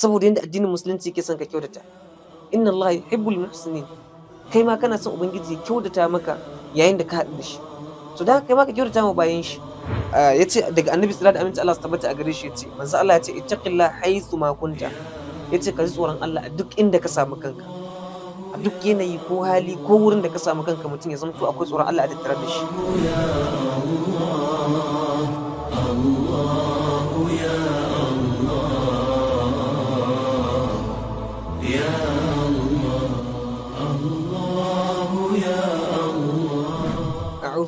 saboda yadda addinin musulunci ke son ka kyautata inna Allah yuhibbul muhsinin kai ma kana son ubangiji ya kyautata maka yayin da ka haɗu da shi to da kai ma ka kyautata ma bayan shi yace daga annabi sallallahu alaihi wasallam Allah tabbata a gare shi yace manzo Allah yace ittaqillah haythu ma kunta yace ka ji tsoron Allah a duk inda ka samu kanka a duk yanayi ko hali ko wurin da ka samu kanka mutum ya zama to akwai tsoron Allah a tattare da shi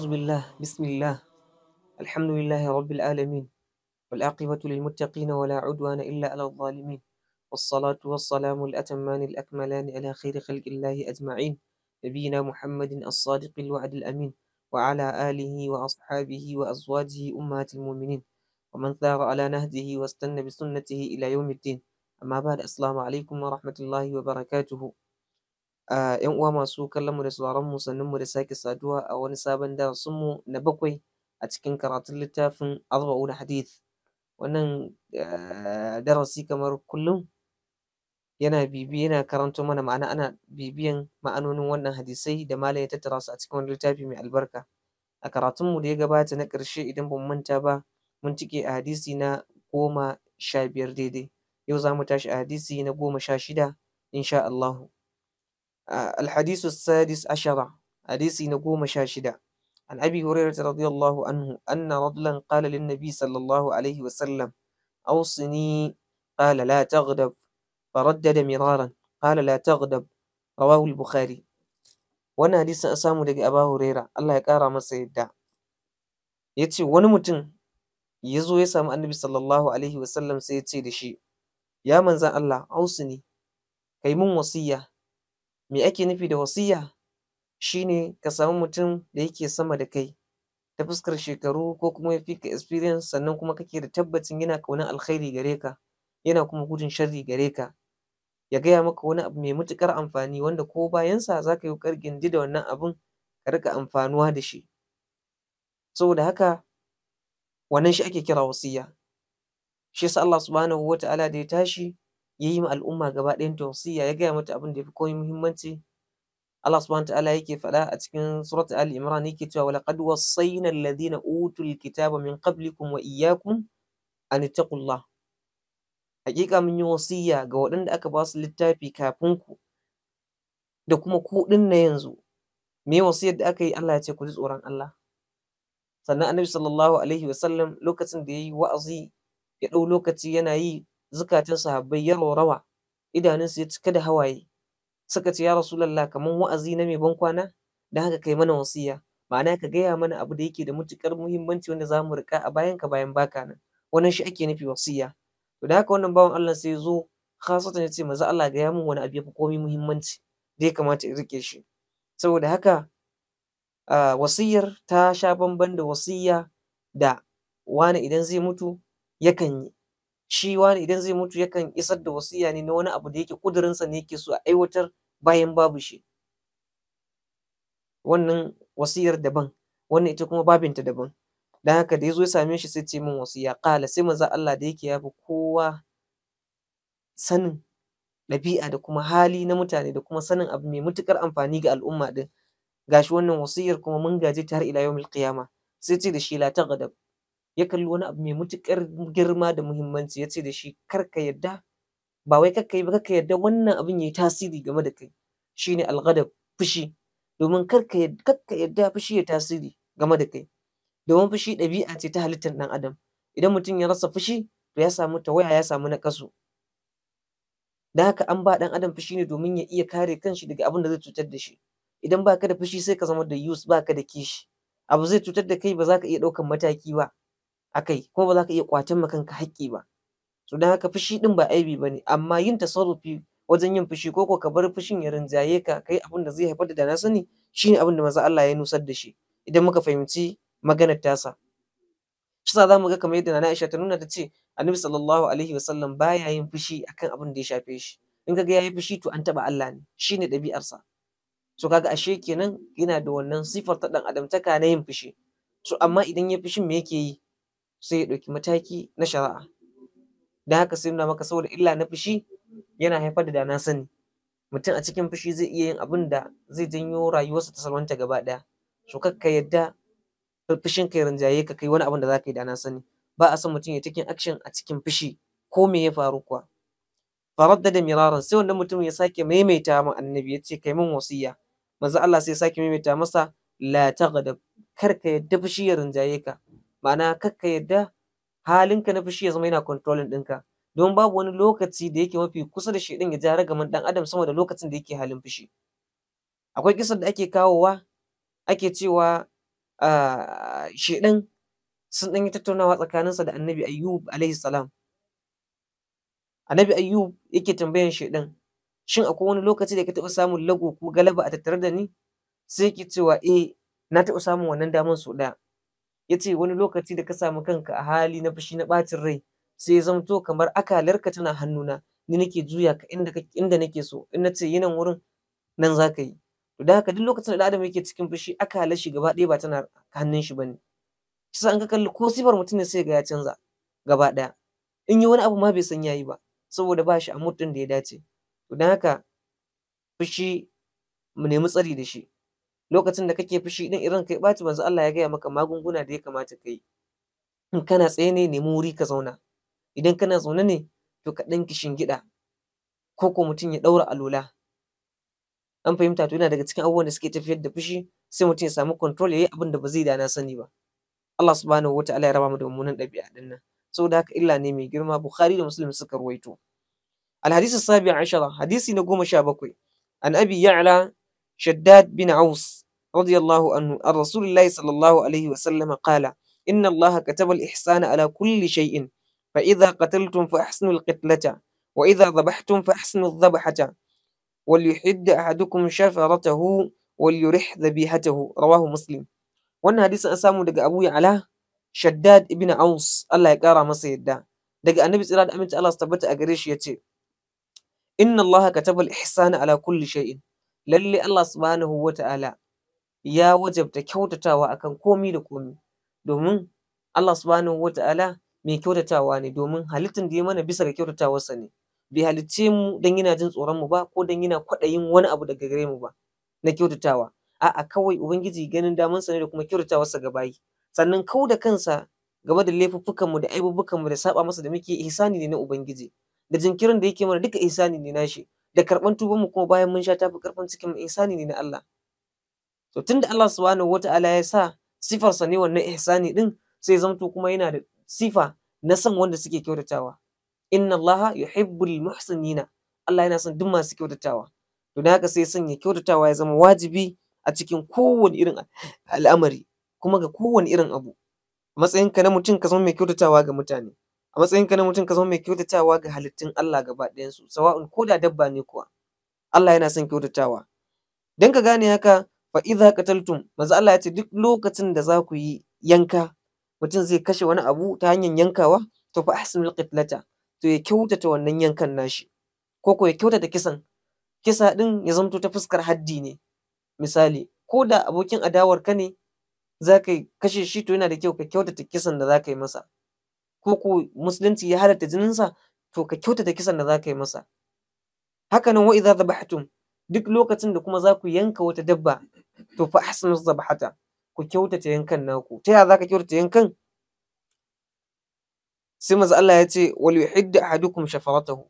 أعوذ بالله بسم الله الحمد لله رب العالمين والعاقبة للمتقين ولا عدوان إلا على الظالمين والصلاة والسلام الأتمان الأكملان على خير خلق الله أجمعين نبينا محمد الصادق الوعد الأمين وعلى آله وأصحابه وأزواجه أمهات المؤمنين ومن ثار على نهجه واستنى بسنته إلى يوم الدين أما بعد السلام عليكم ورحمة الله وبركاته yan uwa masu kallon mu da sauraron mu sannun mu da sake saduwa a wani sabon darasin mu na bakwai a cikin karatun littafin arba'una hadith wannan eh, darasi kamar kullum yana bibi yana karanto mana ma'ana ana bibiyan ma'anonin wannan hadisai da malam ya tattara su a cikin wani littafi mai albarka a karatun mu da ya gabata na ƙarshe idan bamu manta ba mun cike a hadisi na goma sha biyar daidai yau za mu tashi a hadisi na goma sha shida insha Allahu الحديث السادس عشر حديث نقوم شاشدة عن أبي هريرة رضي الله عنه أن رجلا قال للنبي صلى الله عليه وسلم أوصني قال لا تغضب فردد مرارا قال لا تغضب رواه البخاري wannan hadisin an samu daga Aba Huraira Allah ya ƙara masa yadda ya ce wani mutum ya zo ya samu annabi sallallahu alaihi wasallam sai ya ce da shi ya manzan Allah ausini kai min wasiya Me ake nufi da wasiyya? Shi ne ka samu mutum da yake sama da kai ta fuskar shekaru ko kuma ya fi ka experience sannan kuma kake da tabbacin yana ƙaunar alkhairi gare ka yana kuma gudun sharri gare ka ya gaya maka wani abu mai matuƙar amfani wanda ko bayansa za ka yi ƙargindi da wannan abun ka riƙa amfanuwa da shi saboda haka wannan shi ake kira wasiyya shi yasa Allah subhanahu ta'ala da ya tashi ya yi ma al'umma gaba ɗayan tausiya ya gaya mata abin da ya fi komai muhimmanci Allah subhanahu ta'ala yake faɗa a cikin surat al Imran yake cewa walaqad wassayna alladhina utul kitaba min qablikum wa iyyakum an ittaqullah hakika mun yi wasiya ga waɗanda aka ba su littafi kafin ku da kuma ku din na yanzu me wasiyar da aka yi Allah ya ce ku ji tsoron Allah sannan annabi sallallahu alaihi wasallam lokacin da yayi wa'azi ya ɗau lokaci yana yi zukatan sahabbai ya rawa idanunsu ya cika da hawaye suka ce ya rasulallah kamar wa'azi na mai bankwana da haka kai mana wasiya ma'ana ka gaya mana abu da yake da matukar muhimmanci wanda za mu rika a bayan ka bayan baka nan wannan shi ake nufi wasiya to da haka wannan bawan Allah sai ya zo khasatan ya ce maza Allah gaya min wani abu ya fi komai muhimmanci da ya kamata in rike shi saboda haka wasiyar ta sha bamban da wasiya da wani idan zai mutu yakan yi shi wani idan zai mutu yakan isar da wasiya ne na wani abu da yake kudurinsa ne yake so a aiwatar bayan babu shi wannan wasiyar daban wannan ita kuma babinta daban dan haka da ya zo ya same shi sai ce min wasiya qala sai manzo Allah da yake yafi kowa sanin ɗabi'a da kuma hali na mutane da kuma sanin abu mai mutukar amfani ga al'umma din gashi wannan wasiyar kuma mun gaje ta har ila yawmil qiyama sai ce da shi la taghdab ya kalli wani abu mai matuƙar girma da muhimmanci ya ce da shi kar ka yadda ba wai kar ka yi ba ka yadda wannan abin ya yi tasiri game da kai shine alghadab fushi domin kar ka yadda fushi ya tasiri game da kai domin fushi ɗabi'a ce ta halittar ɗan adam idan mutum ya rasa fushi to ya samu tawaya ya samu naƙasu da haka an ba ɗan adam fushi ne domin ya iya kare kanshi daga abin da zai cutar da shi idan baka da fushi sai ka zama da yus baka da kishi abu zai cutar da kai ba za ka iya ɗaukan mataki ba akai kuma ba za ka iya kwacen ma kanka haƙƙi ba to dan haka fushi din ba aibi ba ne amma yin tasarrufi wajen yin fushi ko ko ka bar fushin ya rinjaye ka kai abin da zai haifar da dana sani shine abin da maza Allah ya nusar da shi idan muka fahimci maganar tasa shi sa zamu ga kamar yadda Nana Aisha ta nuna ta ce Annabi sallallahu alaihi wasallam baya yin fushi akan abin da ya shafe shi in kaga yayi fushi to an taba Allah ne shine ɗabi'arsa so kaga ashe kenan yana da wannan sifar ta dan adamtaka na yin fushi so amma idan ya fushin me yake yi sai ya ɗauki mataki na shari'a da haka sai nuna maka saboda illa na fushi yana haifar da dana sani mutum a cikin fushi zai iya yin abin da zai janyo rayuwarsa ta salwanta gaba ɗaya so ka yadda fushin ka rinjaye ka kai wani abin da za ka yi dana sani ba a son mutum ya cikin action a cikin fushi ko me ya faru kuwa da miraran sai wannan mutum ya sake maimaita ma annabi ya ce kai min wasiya manzo Allah sai ya sake maimaita masa la da, kar ka yadda fushi ya rinjaye ka ma'ana kar ka yadda halinka na fushi ya zama yana controlling ɗinka don babu wani lokaci da yake mafi kusa da ɗin ya ja ragaman ɗan adam sama da lokacin da yake halin fushi akwai kisar da ake kawowa ake cewa ɗin sun ɗan yi tattaunawa tsakaninsa da annabi ayyub alaihi salam annabi ayyub yake tambayan ɗin. shin akwai wani lokaci da ka taɓa samun lago ko galaba a tattare da ni sai yake cewa eh na taɓa samun wannan damar sau ɗaya ya ce wani lokaci da ka samu kanka a hali na fushi na bacin rai sai ya zamto kamar akalarka tana hannuna ni nake juya ka inda inda nake so in na ce yinan wurin nan za ka yi to da haka duk lokacin da adam yake cikin fushi akalar shi gaba ɗaya ba tana hannun shi bane kisa an ka kalli ko sifar mutum ne sai ga ya canza gaba ɗaya in yi wani abu ma bai san yayi ba saboda ba shi a mutum da ya dace to don haka fushi mu nemi tsari da shi lokacin da kake fushi idan irin kai ɓaci manzo Allah ya gaya maka magunguna da ya kamata ka yi in kana tsaye ne nemi wuri ka zauna idan kana zaune ne to ka ɗan gida. ko ko mutum ya ɗaura alola an fahimta to yana daga cikin abubuwan da suke tafiyar da fushi sai mutum ya samu control ya yi abin da ba zai da sani ba Allah subhanahu Ta'ala ya raba mu da mummunan ɗabi'a din nan saboda haka illa ne mai girma Bukhari da Muslim suka ruwaito الحديث السابع عشر حديث نقوم شابكوي عن أبي يعلى شداد بن عوص رضي الله عنه عن رسول الله صلى الله عليه وسلم قال إن الله كتب الإحسان على كل شيء فإذا قتلتم فأحسنوا القتلة وإذا ذبحتم فأحسنوا الذبحة وليحد أحدكم شفرته وليرح ذبيحته رواه مسلم wannan hadisin an samu daga Abu Ya'la Shaddad Bin Aus Allah ya kara masa yadda daga Annabi tsira da aminci Allah su tabbata gare shi yace inna Allah Katabal al ala kulli shai'in. lalle Allah subhanahu wa ta'ala ya wajabta kyautatawa akan komi da komi domin Allah subhanahu wa ta'ala mai kyautatawa ne domin halittun da ya mana bisa ga kyautatawarsa ne bai halicce mu don yana jin tsoron mu ba ko don yana kwaɗayin wani abu daga gare mu ba na kyautatawa a'a kawai ubangiji ganin damansa ne da kuma kyautatawarsa ga bayi sannan kau da kansa gaba da laifuffukan mu da aibubukan mu da saba masa da muke ihsani ne na ubangiji da jinkirin da yake mana duka ihsani ne nashi da karban tuban mu kuma bayan mun sha tafi karfin cikin ihsani ne na Allah to tunda Allah subhanahu wata'ala ya sa sifarsa ne wannan ihsani din sai zamto kuma yana da sifa na san wanda suke kyautatawa inna Allah yuhibbul muhsinina Allah yana son duk masu kyautatawa to dan haka sai sanya kyautatawa ya zama wajibi a cikin kowane irin al'amari kuma ga kowane irin abu matsayinka na mutum ka zama mai kyautatawa ga mutane a matsayinka na mutum ka zama mai kyautatawa ga halittun Allah gaba su, sawa'un ko da dabba ne kuwa Allah yana son kyautatawa dan ka gane haka fa idza qataltum maza Allah ya ce duk lokacin da za ku yi yanka mutum zai kashe wani abu ta hanyar yankawa to fa ahsinul qitlata to ya kyautata wannan yankan nashi ko ko ya kyautata kisan kisa din ya zamto ta fuskar haddi ne misali ko da abokin adawar ka ne za kashe shi to yana da kyau ka kyautata kisan da za ka yi masa ko ko musulunci ya halatta jininsa to ka kyautata kisan da za ka yi masa Haka nan, wa idza dhabhtum duk lokacin da kuma za ku yanka wata dabba to fa ahsinu dhabhata ku kyautata yankan naku ta yaya za ka kyautata yankan sai maza Allah ya ce wal yuhiddu ahadukum shafaratahu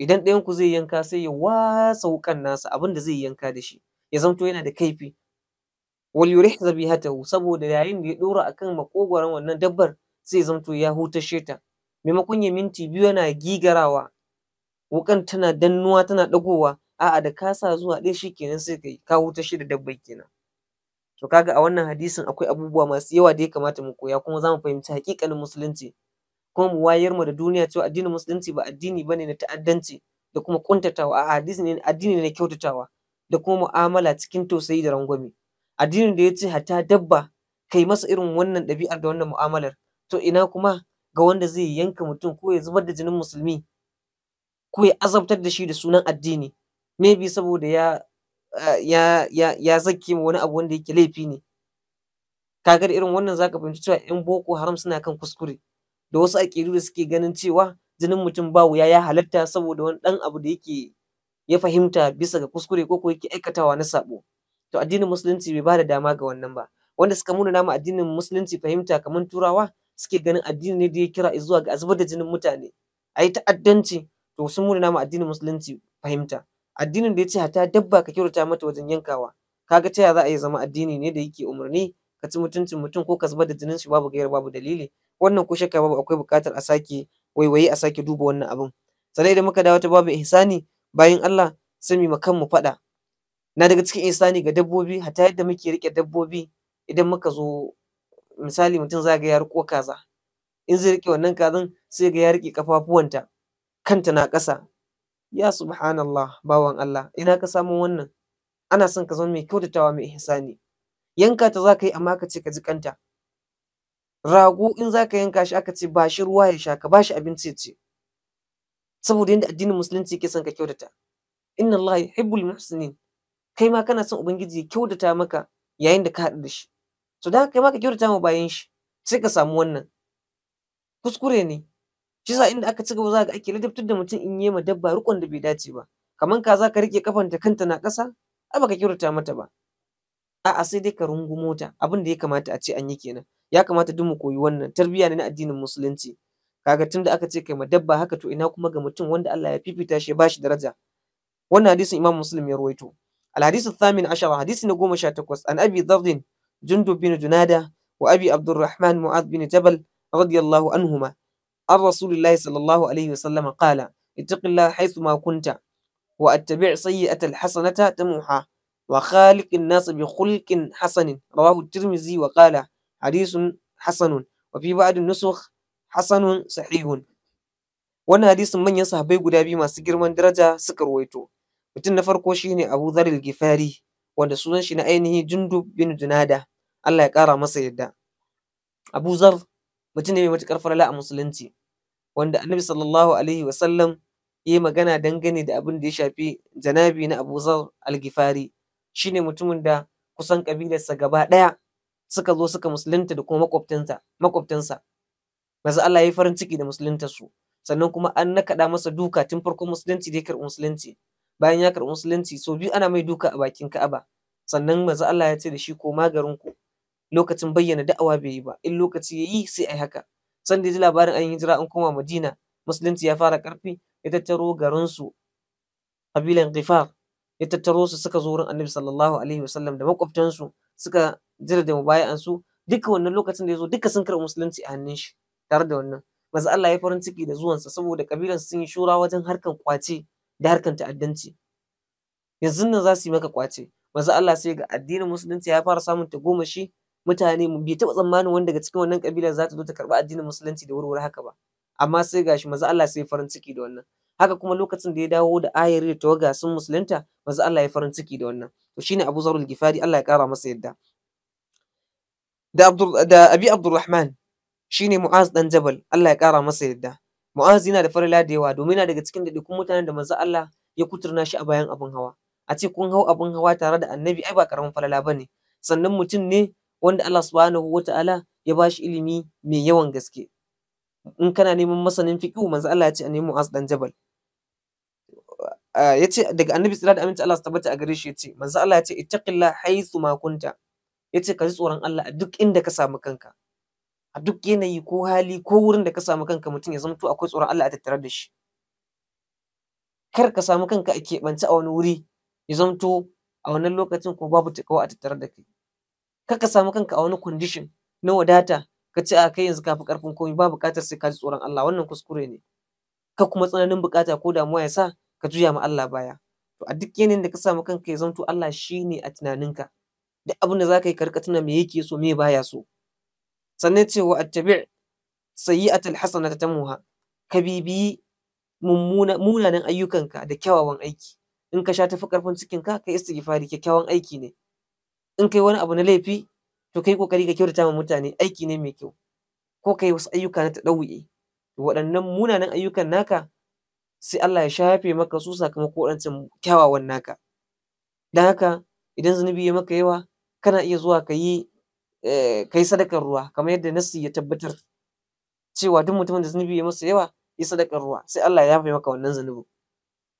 idan ɗayan ku zai yanka sai ya wasa wukan nasa abinda zai yanka da shi ya zamto yana da kaifi wal yurih zabihatahu saboda yayin da ya dora akan makogoran wannan dabbar sai zamto ya hutashe ta maimakon ya minti biyu yana gigarawa wukan tana dannuwa tana dagowa a'a da kasa zuwa ɗaya shi kenan sai kai ka hutashe da dabbai kenan to kaga a wannan hadisin akwai abubuwa masu yawa da ya kamata mu koya kuma zamu fahimci haƙiƙanin musulunci kuma mu wayar mu da duniya cewa addinin musulunci ba addini bane na ta'addanci da kuma kuntatawa a hadisi ne addini ne na kyautatawa da kuma mu'amala cikin tausayi da rangwame addinin da ya ce hatta dabba kai masa irin wannan ɗabi'ar da wannan mu'amalar to ina kuma ga wanda zai yanka mutum ko ya zubar da jinin musulmi ko ya azabtar da shi da sunan addini maybe saboda ya ya ya ya zake ma wani abu wanda yake laifi ne kaga da irin wannan zaka fahimci cewa yan boko haram suna kan kuskure da wasu aƙidu da suke ganin cewa jinin mutum ba wuya ya halatta saboda wani dan abu da yake ya fahimta bisa ga kuskure ko ko yake aikatawa na sabo to addinin musulunci bai ba da dama ga wannan ba wanda suka muna nama addinin musulunci fahimta kamar turawa suke ganin addini ne da ya kira zuwa ga zubar da jinin mutane a yi ta'addanci to sun muna mu addinin musulunci fahimta addinin da ya ce hata dabba ka kyautata mata wajen yankawa Ka ga taya za a yi zama addini ne da yake umarni ka ci mutuncin mutum ko ka zubar da jinin shi babu gayar babu dalili wannan ko shakka babu akwai buƙatar a sake waiwaye a sake duba wannan abun sannan idan muka dawo ta babu ihsani bayan Allah sai mu makan mu faɗa na daga cikin ihsani ga dabbobi Hata yadda muke riƙe dabbobi idan muka zo misali mutum za ga ya riko kaza in zai rike wannan kazan sai ga ya rike kafafuwanta kanta na ƙasa ya subhanallah bawan Allah ina ka samu wannan ana son ka zama mai kyautatawa mai ihsani yanka ta zaka yi amma ka ce ka ji kanta rago in zaka yanka shi aka ce ba shi ruwa ya sha ka ba shi abinci ce saboda yadda addinin musulunci yake son ka kyautata inna Allah yuhibbul muhsinin kai ma kana son ubangiji ya kyautata maka yayin da ka haɗu da shi so da haka kai ma ka kyautata ma bayan shi sai ka samu wannan kuskure ne shi sa inda aka ci gaba za ka ake ladabtar da mutum in yi ma dabba rukon da bai dace ba kamar ka za ka rike kafanta kanta na ƙasa ai baka kyautata mata ba a'a sai dai ka rungumo ta abin da ya kamata a ce an yi kenan ya kamata duk mu koyi wannan tarbiyya ne na addinin musulunci kaga tunda aka ce kai ma dabba haka to ina kuma ga mutum wanda Allah ya fifita shi ba shi daraja wannan hadisin Imam Muslim ya ruwaito al hadisu thamin ashara hadisi na goma sha takwas an abi جندب بن جنادة وأبي عبد الرحمن معاذ بن جبل رضي الله عنهما عن رسول الله صلى الله عليه وسلم قال اتق الله حيثما كنت وأتبع سيئة الحسنة تمحها وخالق الناس بخلق حسن رواه الترمذي وقال حديث حسن وفي بعض النسخ حسن صحيح wannan hadisin manyan sahabbai guda biyu masu girman daraja suka ruwaito mutum na farko shine Abu Dharr al-Ghifari wanda sunan shi na ainihi Jundub bin Junada Allah ya ƙara masa yadda Abu Zar mutum ne mai matuƙar farala a musulunci wanda Annabi sallallahu alaihi wa sallam yi magana dangane da abin da ya shafi janabi na Abu Zar al-Ghifari shine mutumin da kusan kabilarsa gaba ɗaya suka zo suka musulunta da kuma makwabtansa makwabtansa maza Allah ya yi farin ciki da musulunta su sannan kuma an nakaɗa masa duka tun farkon musulunci da ya karɓi musulunci bayan ya karɓi musulunci so biyu ana mai duka a bakin Ka'aba sannan maza Allah ya ce da shi ko ku lokacin bayyana da'awa bai yi ba in lokaci ya yi sai a yi haka san da ji labarin an hijira an koma madina musulunci ya fara karfi ya tattaro garinsu kabilan gifar ya tattaro su suka zo wurin annabi sallallahu alaihi wasallam da makwabtansu suka jira da mubaya'ansu duka wannan lokacin da ya zo duka sun karɓi musulunci a hannun shi tare da wannan maza Allah ya farin ciki da zuwansa saboda kabilan sun yi shura wajen harkan kwace da harkan ta'addanci yanzu nan za su yi maka kwace maza Allah sai ga addinin musulunci ya fara samun tagomashi mutane mu bai taɓa tsammanin wanda daga cikin wannan kabila za ta zo ta karɓi addinin musulunci da wurwuri haka ba amma sai gashi maza Allah sai farin ciki da wannan haka kuma lokacin da ya dawo da ayar da tawaga sun musulunta maza Allah ya farin ciki da wannan to shine Abu Zarul Gifari Allah ya kara masa yadda da Abdul da Abi Abdurrahman shine Mu'az dan Jabal Allah ya kara masa yadda Mu'az yana da farila da yawa domin yana daga cikin dadikun mutanen da maza Allah ya kuturna shi a bayan abin hawa a ce kun hau abin hawa tare da annabi ai ba karamin falala bane sannan mutum ne wanda Allah subhanahu wa ta'ala ya ba shi ilimi mai yawan gaske in kana neman masanin fiqh manzo Allah ya ce a nemo as dan jabal ah, ya ce daga annabi tsira da aminci Allah su tabbata a gare shi ya ce manzo Allah ya ce ittaqilla haythu ma kunta ya ce ka ji tsoron Allah a duk inda ka samu kanka a duk yanayi ko hali ko wurin da ka samu kanka mutum ya zama to akwai tsoron Allah a tattare da shi kar ka samu kanka a keɓance a wani wuri ya zamto a wannan lokacin ko babu takawa a tattare da kai ka samu kanka a wani condition na wadata ka ce a kai yanzu ka fi karfin komai ba buƙatar sai ka ji tsoron Allah wannan kuskure ne ka kuma tsananin buƙata ko damuwa ya sa ka juya ma Allah baya to a duk yanayin da ka samu kanka ya zanto Allah shine a tunaninka duk abin da zaka yi karka tuna me yake so me baya so sannan ce cewa attabi sayyi'atul hasanata tamuha ka bibiyi munanan ayyukanka da kyawawan aiki in ka sha tafi karfin cikinka ka istighfari kyakkyawan aiki ne in kai wani abu na laifi to kai kokari ka kyautata ma mutane aiki ne mai kyau ko kai wasu ayyuka na taɗawu'i waɗannan munanan ayyukan naka sai Allah ya shafe maka su sakamakon waɗancan kyawawan naka don haka idan zunubi ya maka yawa kana iya zuwa ka yi eh, kai sadakar ruwa kamar yadda nasi ya tabbatar cewa duk mutumin da zunubi ya masa yawa yi sadakar ruwa sai Allah ya yafe maka wannan zunubin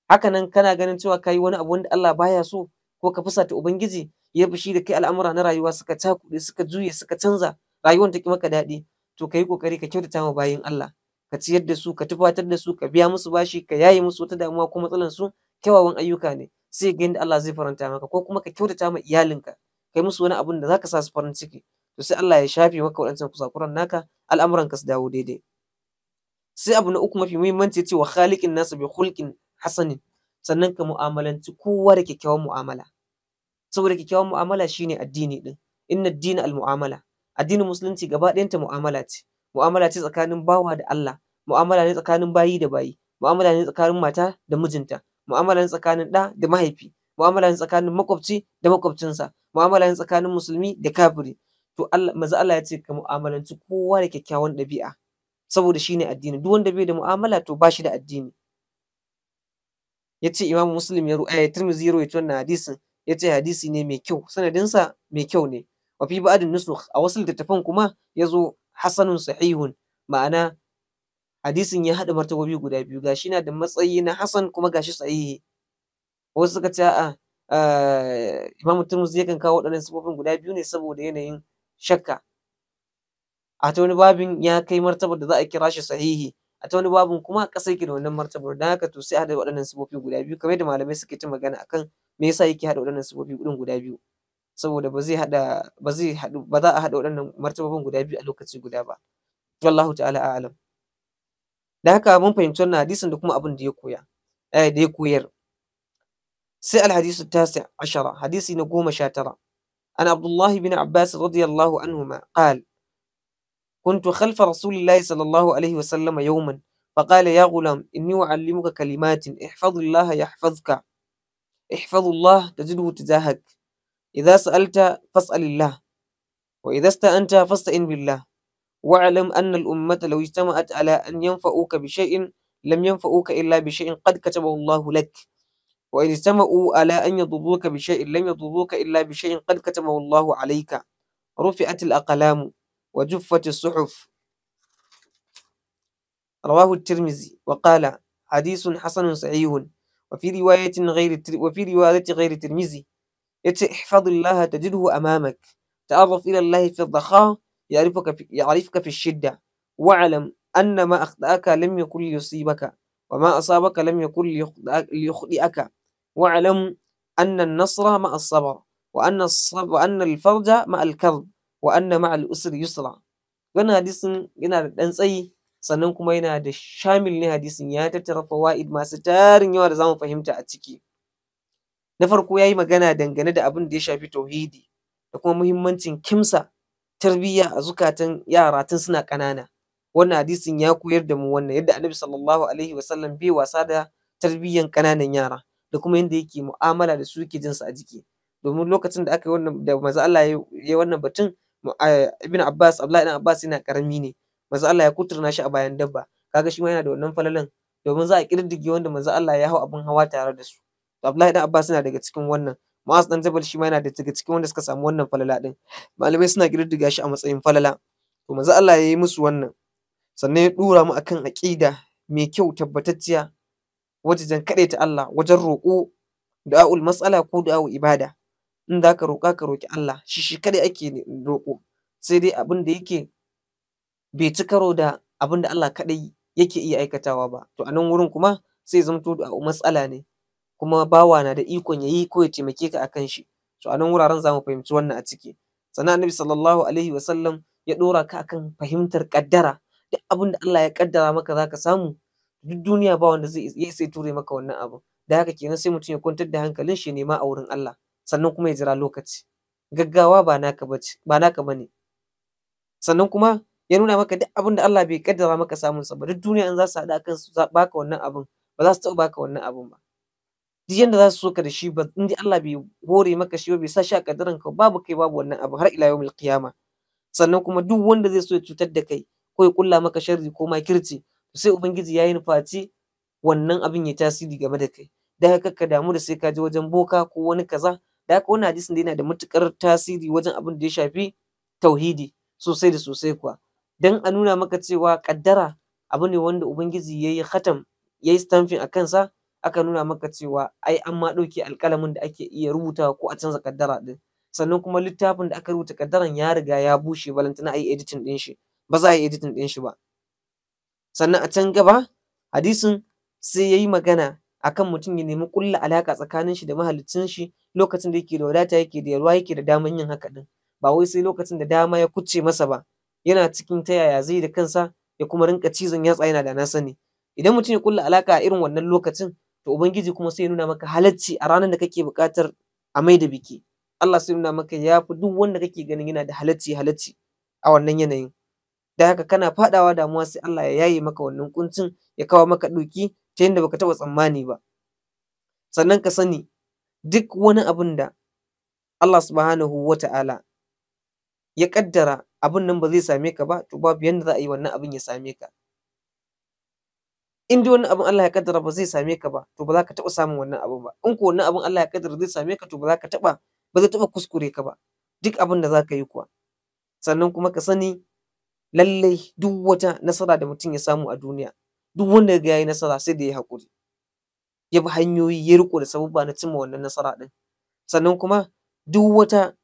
haka nan kana ganin cewa ka yi wani abu wanda Allah baya so ko ka fusata ubangiji ya fushi da kai al'amura na rayuwa suka cakuɗe suka juye suka canza rayuwar ta ki maka daɗi to ka yi ƙoƙari ka kyautata ma bayin Allah ka ciyar da su ka tufatar da su ka biya musu bashi ka yaye musu wata damuwa ko matsalan su kyawawan ayyuka ne sai ga yadda Allah zai faranta maka ko kuma ka kyautata ma iyalinka kai musu wani abun da zaka sa su farin ciki to sai Allah ya shafe maka waɗancan kusakuran naka al'amuran ka su dawo daidai sai abu na uku mafi muhimmanci ya ce wa khaliqin nasu bi khulqin hasanin sannan ka mu'amalanci kowa da kyakkyawan mu'amala saboda kyakkyawan mu'amala shine addini din inna addini al-mu'amala addinin musulunci gaba ɗayanta mu'amala ce mu'amala ce tsakanin bawa da Allah mu'amala ne tsakanin bayi da bayi mu'amala ne tsakanin mata da mijinta mu'amala ne tsakanin ɗa da mahaifi mu'amala ne tsakanin makwabci da makwabcinsa mu'amala ne tsakanin musulmi da kafiri to Allah maza Allah ya ce ka mu'amalanci kowa da kyakkyawan ɗabi'a saboda shine addini duk wanda bai da mu'amala to ba shi da addini yace imamu muslim ya ruwaya eh, tirmidhi ya ruwaya wannan hadisin ya ce hadisi ne mai kyau sanadinsa mai kyau ne wa fi ba'adin nusukh a wasu littattafan kuma ya zo hasanun sahihun ma'ana hadisin ya haɗa martabobi guda biyu gashi na da matsayi na hasan kuma gashi sahihi wasu suka ce a imam turmuzi yakan kawo waɗannan sifofin guda biyu ne saboda yanayin shakka a ta wani babin ya kai martabar da za a kira shi sahihi a ta wani babin kuma ƙasa yake da wannan martabar don haka to sai a haɗa waɗannan sifofi guda biyu kamar da malamai suke ta magana akan me yasa yake haɗa waɗannan sifofi ɗin guda biyu saboda ba zai haɗa ba zai haɗu ba za a haɗa waɗannan martabobin guda biyu a lokaci guda ba wallahu ta'ala a'lam da haka mun fahimci wannan hadisin da kuma abin da ya koya eh da ya koyar sai alhadisu tasi ashara hadisi na goma sha tara an abdullahi bin abbas radiyallahu anhuma qal كنت خلف رسول الله صلى الله عليه وسلم يوما فقال يا غلام إني أعلمك كلمات احفظ الله يحفظك احفظ الله تجده تجاهك إذا سألت فاسأل الله وإذا استأنت فاستئن بالله واعلم أن الأمة لو اجتمعت على أن ينفعوك بشيء لم ينفعوك إلا بشيء قد كتبه الله لك وإن اجتمعوا على أن يضروك بشيء لم يضروك إلا بشيء قد كتبه الله عليك رفعت الأقلام وجفت الصحف رواه الترمذي وقال حديث حسن صحيح وفي رواية غير وفي رواية غير الترمذي احفظ الله تجده أمامك تعرف إلى الله في الضخاء يعرفك في يعرفك في الشدة واعلم أن ما أخطأك لم يكن ليصيبك وما أصابك لم يكن ليخطئك واعلم أن النصر مع الصبر وأن الصبر وأن الفرج مع الكرب وأن مع الأسر يسرا وأنا هذا yana أنا أنسيه sannan kuma yana da shamil ne hadisin ya tattara fawaid masu tarin yawa da zamu fahimta a ciki na farko yayi magana dangane da abin da ya shafi tauhidi da kuma muhimmancin kimsa tarbiyya a zukatan yara tun suna ƙanana wannan hadisin ya koyar da mu wannan yadda annabi sallallahu alaihi wasallam bai wasa da tarbiyyan ƙananan yara da kuma yadda yake mu'amala da su yake jin su a jiki domin lokacin da aka yi wannan da manzo Allah ya yi wannan batun ibn Abbas Abdullahi ibn Abbas yana karami ne manzo Allah ya kuturna shi a bayan dabba kaga shi ma yana da wannan falalan domin za a kirdige wanda manzo Allah ya hau abin hawa tare da su to Abdullahi dan Abbas yana daga cikin wannan Mu'az dan Jabal shi ma yana daga cikin wanda suka samu wannan falala din malamai suna kirdiga shi a matsayin falala to manzo Allah ya yi musu wannan sannan ya dura mu akan aqida mai kyau tabbatacciya wajen ta Allah wajen roƙo da'ul matsala ko da'a'ul ibada in da ka roƙa ka roƙi Allah shi shi kada ake roƙo sai dai abin da yake bai ci karo da abin da Allah kaɗai yake iya aikatawa ba to a nan wurin kuma sai zamto da matsala ne kuma bawa na da ikon ya yi ko ya taimake ka akan shi to a nan wuraren za mu fahimci wannan a ciki sannan annabi sallallahu alaihi wasallam ya ɗora ka akan fahimtar kaddara. duk abin da Allah ya kaddara maka za samu duk duniya ba wanda zai iya sai ture maka wannan abu da haka kenan sai mutum ya kwantar da hankalin shi nema a wurin Allah sannan kuma ya jira lokaci gaggawa ba naka bace ba naka bane sannan kuma ya nuna maka duk abin da Allah bai kaddara maka samun sa ba duk duniya in za su haɗa kan su baka wannan abin ba za su taɓa baka wannan abin ba duk yanda za su so ka da shi ba in dai Allah bai hore maka shi ba bai sa shi a kaddaran ka babu kai babu wannan abu har ila yawmil qiyama sannan kuma duk wanda zai so ya cutar da kai ko ya kulla maka sharri ko makirci sai ubangiji ya yi nufaci wannan abin ya tasiri game da kai da haka ka damu da sai ka je wajen boka ko wani kaza da haka wannan hadisin da yana da matukar tasiri wajen abin da ya shafi tauhidi sosai da sosai kuwa don a nuna maka cewa ƙaddara abu ne wanda ubangiji ya yi khatam ya yi stamping a kansa aka nuna maka cewa ai an ma ɗauke alƙalamin da ake iya rubuta ko a canza ƙaddara ɗin sannan kuma littafin da aka rubuta ƙaddaran ya riga ya bushe balantana a yi editing ɗin shi ba za a yi editing ɗin shi ba sannan a can gaba hadisin sai ya yi magana akan mutum ya nemi ƙulla alaƙa tsakanin shi da mahaliccin shi lokacin da yake da wadata yake da yalwa yake da daman yin haka ɗin ba wai sai lokacin da dama ya kuce masa ba yana cikin ta yaya zai da kansa ya kuma rinka cizon yatsa yana da nan sani idan mutum ya kulla alaka a irin wannan lokacin to ubangiji kuma sai ya nuna maka halacci a ranar da kake buƙatar a mai da biki Allah sai nuna maka ya fi duk wanda kake ganin yana da halacci halacci a wannan yanayin da haka kana faɗawa damuwa sai Allah ya yaye maka wannan kuncin ya kawo maka ɗoki ta yadda baka taɓa tsammani ba sannan ka sani duk wani abin da Allah subhanahu wa ta'ala ya ƙaddara abin nan ba zai same ka ba to babu yanda za a yi wannan abin ya same ka in dai wannan abin Allah ya kaddara ba zai same ka ba to ba za ka taɓa samun wannan abin ba in ko wannan abin Allah ya kaddara zai same ka to ba za ka taɓa ba zai taɓa kuskure ka ba duk abin da za ka yi kuwa sannan kuma ka sani lallai duk wata nasara da mutum ya samu a duniya duk wanda ya yi nasara sai da ya hakuri. ya bi hanyoyi ya riko da sabubba na cimma wannan nasara din. sannan kuma duk wata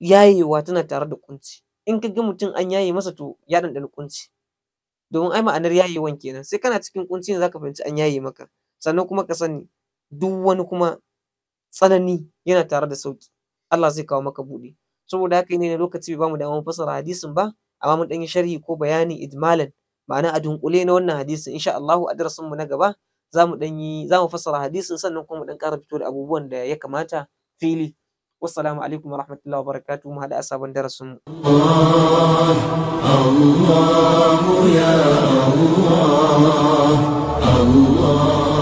yayewa tana tare da kunci in ka ga mutum an yaye masa to ya ɗanɗana kunci domin ai ma'anar yayewan kenan sai kana cikin kunci ne zaka fahimci an yaye maka sannan kuma ka sani duk wani kuma tsanani yana tare da sauki Allah zai kawo maka buɗe saboda haka ne lokaci bai bamu damar fassara hadisin ba amma mun ɗan yi sharhi ko bayani ijmalan ma'ana a dunkule na wannan hadisin insha Allahu a darasin mu na gaba za mu ɗan fassara hadisin sannan kuma mu ɗan ƙara fito da abubuwan da ya kamata fili والسلام عليكم ورحمة الله وبركاته ما أصحاب الدرس